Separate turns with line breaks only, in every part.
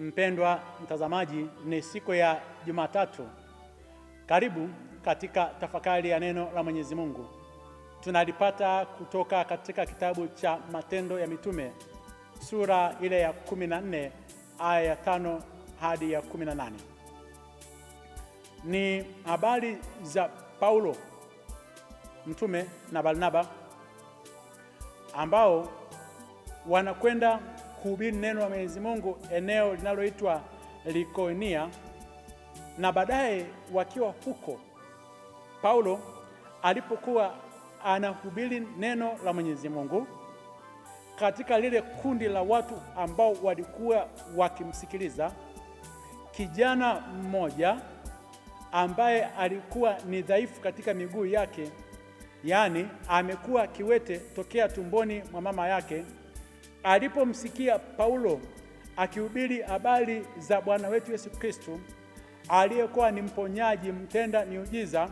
Mpendwa mtazamaji, ni siku ya Jumatatu. Karibu katika tafakari ya neno la Mwenyezi Mungu. Tunalipata kutoka katika kitabu cha Matendo ya Mitume sura ile ya 14 aya ya 5 hadi ya 18. Ni habari za Paulo mtume na Barnaba ambao wanakwenda kuhubiri neno la Mwenyezi Mungu eneo linaloitwa Likonia, na baadaye wakiwa huko, Paulo alipokuwa anahubiri neno la Mwenyezi Mungu katika lile kundi la watu ambao walikuwa wakimsikiliza, kijana mmoja ambaye alikuwa ni dhaifu katika miguu yake, yaani amekuwa kiwete tokea tumboni mwa mama yake Alipomsikia Paulo akihubiri habari za Bwana wetu Yesu Kristo aliyekuwa ni mponyaji, mtenda miujiza,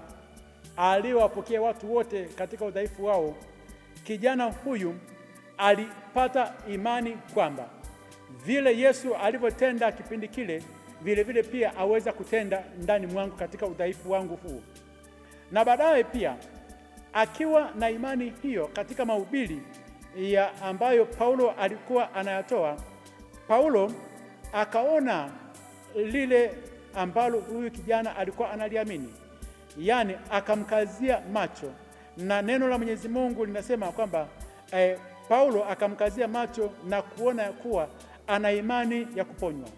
aliyewapokea watu wote katika udhaifu wao, kijana huyu alipata imani kwamba vile Yesu alivyotenda kipindi kile vile vile pia aweza kutenda ndani mwangu katika udhaifu wangu huu. Na baadaye pia akiwa na imani hiyo katika mahubiri ya ambayo Paulo alikuwa anayatoa, Paulo akaona lile ambalo huyu kijana alikuwa analiamini, yaani akamkazia macho, na neno la Mwenyezi Mungu linasema kwamba eh, Paulo akamkazia macho na kuona ya kuwa ana imani ya kuponywa.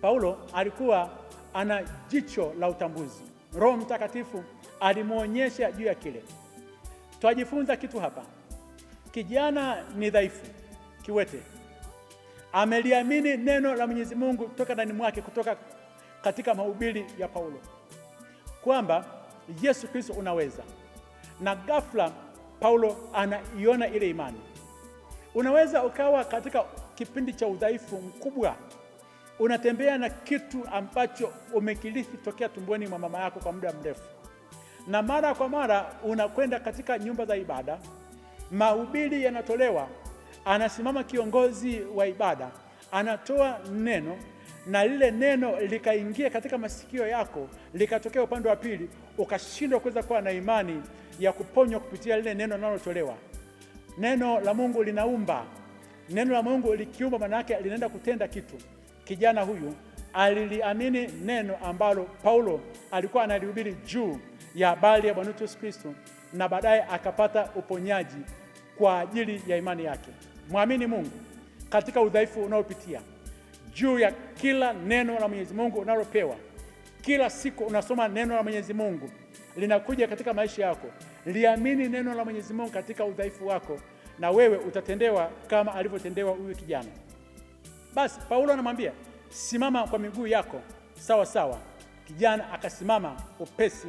Paulo alikuwa ana jicho la utambuzi. Roho Mtakatifu alimwonyesha juu ya kile. Twajifunza kitu hapa. Kijana ni dhaifu, kiwete, ameliamini neno la Mwenyezi Mungu kutoka ndani mwake, kutoka katika mahubiri ya Paulo kwamba Yesu Kristo unaweza, na ghafla Paulo anaiona ile imani. Unaweza ukawa katika kipindi cha udhaifu mkubwa, unatembea na kitu ambacho umekirithi tokea tumboni mwa mama yako kwa muda mrefu, na mara kwa mara unakwenda katika nyumba za ibada mahubiri yanatolewa, anasimama kiongozi wa ibada anatoa neno na lile neno likaingia katika masikio yako, likatokea upande wa pili, ukashindwa kuweza kuwa na imani ya kuponywa kupitia lile neno linalotolewa. Neno la Mungu linaumba. Neno la Mungu likiumba, maana yake linaenda kutenda kitu. Kijana huyu aliliamini neno ambalo Paulo alikuwa analihubiri juu ya habari ya Bwana Yesu Kristo, na baadaye akapata uponyaji kwa ajili ya imani yake. Mwamini Mungu katika udhaifu unaopitia, juu ya kila neno la Mwenyezi Mungu unalopewa. Kila siku unasoma neno la Mwenyezi Mungu linakuja katika maisha yako. Liamini neno la Mwenyezi Mungu katika udhaifu wako, na wewe utatendewa kama alivyotendewa huyu kijana. Basi Paulo anamwambia simama kwa miguu yako sawa sawa. Kijana akasimama upesi,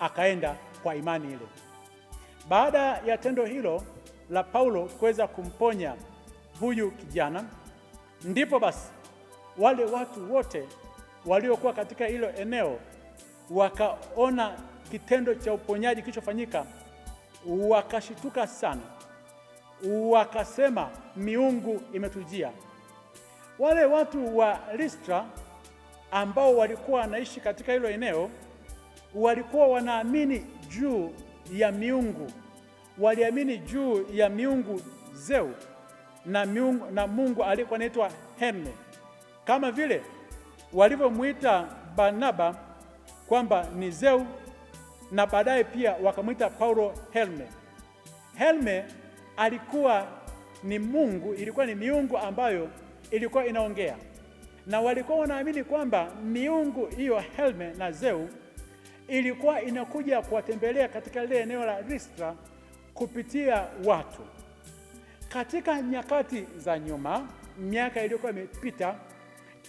akaenda kwa imani ile. Baada ya tendo hilo, la Paulo kuweza kumponya huyu kijana. Ndipo basi wale watu wote waliokuwa katika hilo eneo wakaona kitendo cha uponyaji kilichofanyika, wakashituka sana, wakasema miungu imetujia. Wale watu wa Listra ambao walikuwa wanaishi katika hilo eneo walikuwa wanaamini juu ya miungu waliamini juu ya miungu Zeu na, miungu, na Mungu alikuwa anaitwa Herme, kama vile walivyomwita Barnaba kwamba ni Zeu, na baadaye pia wakamwita Paulo helme helme alikuwa ni Mungu, ilikuwa ni miungu ambayo ilikuwa inaongea, na walikuwa wanaamini kwamba miungu hiyo helme na Zeu ilikuwa inakuja kuwatembelea katika lile eneo la Listra kupitia watu. Katika nyakati za nyuma, miaka iliyokuwa imepita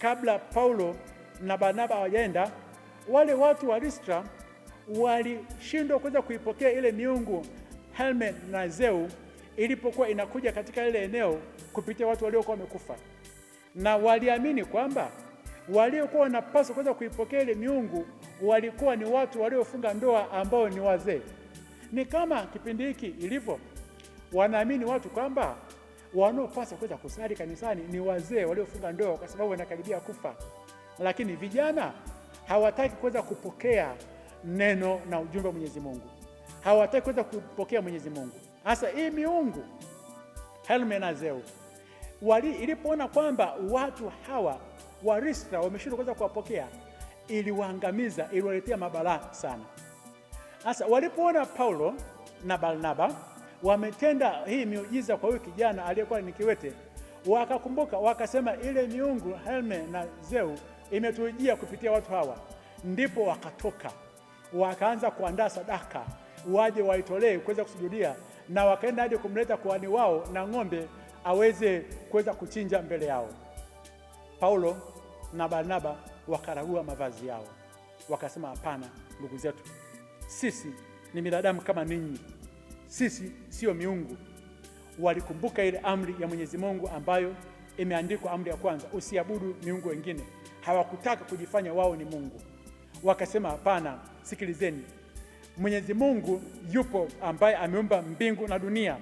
kabla Paulo na Barnaba hawajaenda, wale watu wa Listra walishindwa kuweza kuipokea ile miungu helme na Zeu ilipokuwa inakuja katika ile eneo kupitia watu waliokuwa wamekufa, na waliamini kwamba waliokuwa wanapaswa kuweza kuipokea ile miungu walikuwa ni watu waliofunga ndoa ambao ni wazee. Ni kama kipindi hiki ilivyo, wanaamini watu kwamba wanaopaswa kuweza kusali kanisani ni wazee waliofunga ndoa kwa sababu wanakaribia kufa, lakini vijana hawataki kuweza kupokea neno na ujumbe wa Mwenyezi Mungu, hawataki kuweza kupokea Mwenyezi Mungu. Hasa hii miungu Helme na Zeu wali ilipoona kwamba watu hawa wa Listra wameshindwa kuweza kuwapokea, iliwaangamiza, iliwaletea mabalaa sana. Sasa walipoona Paulo na Barnaba wametenda hii miujiza kwa huyu kijana aliyekuwa ni kiwete, wakakumbuka wakasema, ile miungu Herme na Zeu imetujia kupitia watu hawa. Ndipo wakatoka wakaanza kuandaa sadaka waje waitolee kuweza kusujudia, na wakaenda hadi kumleta kuhani wao na ng'ombe aweze kuweza kuchinja mbele yao. Paulo na Barnaba wakaragua mavazi yao, wakasema, hapana ndugu zetu sisi ni binadamu kama ninyi, sisi siyo miungu. Walikumbuka ile amri ya Mwenyezi Mungu ambayo imeandikwa, amri ya kwanza, usiabudu miungu wengine. Hawakutaka kujifanya wao ni Mungu, wakasema hapana, sikilizeni, Mwenyezi Mungu yupo ambaye ameumba mbingu na dunia,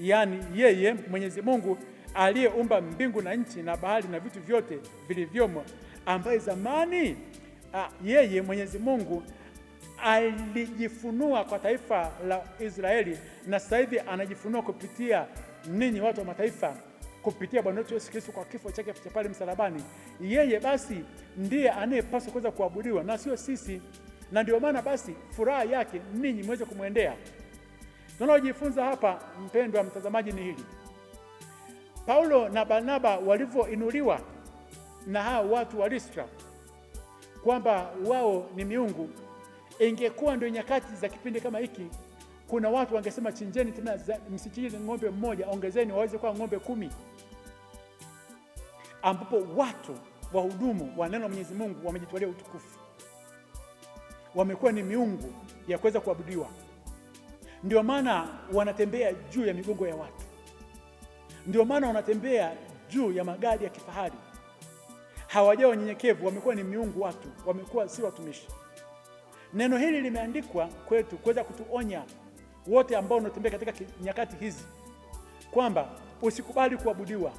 yaani yeye Mwenyezi Mungu aliyeumba mbingu na nchi na bahari na vitu vyote vilivyomo, ambaye zamani a, yeye Mwenyezi Mungu alijifunua kwa taifa la Israeli na sasa hivi anajifunua kupitia ninyi watu wa mataifa kupitia Bwana wetu Yesu Kristo kwa kifo chake cha pale msalabani. Yeye basi ndiye anayepaswa kuweza kuabudiwa na sio sisi, na ndio maana basi furaha yake ninyi mweze kumwendea. Tunalojifunza hapa, mpendwa mtazamaji, ni hili: Paulo na Barnaba walivyoinuliwa na hao watu wa Listra kwamba wao ni miungu Ingekuwa ndio nyakati za kipindi kama hiki, kuna watu wangesema chinjeni tena, msichinje ng'ombe mmoja, ongezeni waweze kuwa ng'ombe kumi, ambapo watu wahudumu wa neno la Mwenyezi Mungu wamejitwalia utukufu, wamekuwa ni miungu ya kuweza kuabudiwa. Ndio maana wanatembea juu ya migongo ya watu, ndio maana wanatembea juu ya magari ya kifahari. hawajao wanyenyekevu, wamekuwa ni miungu watu, wamekuwa si watumishi. Neno hili limeandikwa kwetu kuweza kutuonya wote ambao unatembea katika nyakati hizi kwamba usikubali kuabudiwa,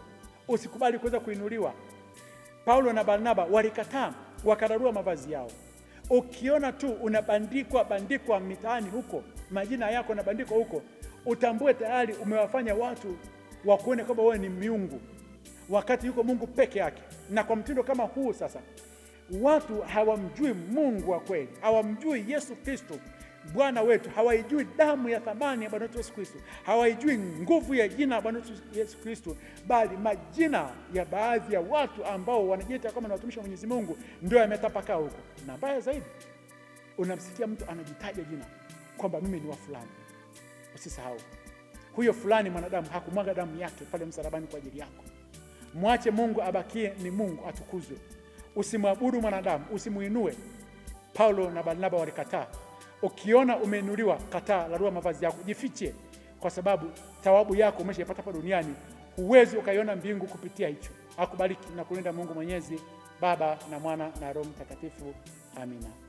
usikubali kuweza kuinuliwa. Paulo na Barnaba walikataa, wakararua mavazi yao. Ukiona tu unabandikwa bandikwa mitaani huko, majina yako yanabandikwa huko, utambue tayari umewafanya watu wakuone kwamba wewe ni miungu, wakati yuko Mungu peke yake. Na kwa mtindo kama huu sasa Watu hawamjui Mungu wa kweli, hawamjui Yesu Kristo Bwana wetu, hawaijui damu ya thamani ya Bwana wetu Yesu Kristo, hawaijui nguvu ya jina la Bwana wetu Yesu Kristo, bali majina ya baadhi ya watu ambao wanajiita kama watumishi wa Mwenyezi Mungu ndio yametapakaa huko. Na mbaya zaidi, unamsikia mtu anajitaja jina kwamba mimi ni wa fulani. Usisahau huyo fulani mwanadamu hakumwaga damu yake pale msalabani kwa ajili yako. Mwache Mungu abakie ni Mungu, atukuzwe usimwabudu mwanadamu, usimuinue. Paulo na Barnaba walikataa. Ukiona umeinuliwa, kataa, larua mavazi yako, jifiche, kwa sababu thawabu yako umeshaipata hapa duniani. Huwezi ukaiona mbingu kupitia hicho. Akubariki na kulinda Mungu Mwenyezi, Baba na Mwana na Roho Mtakatifu. Amina.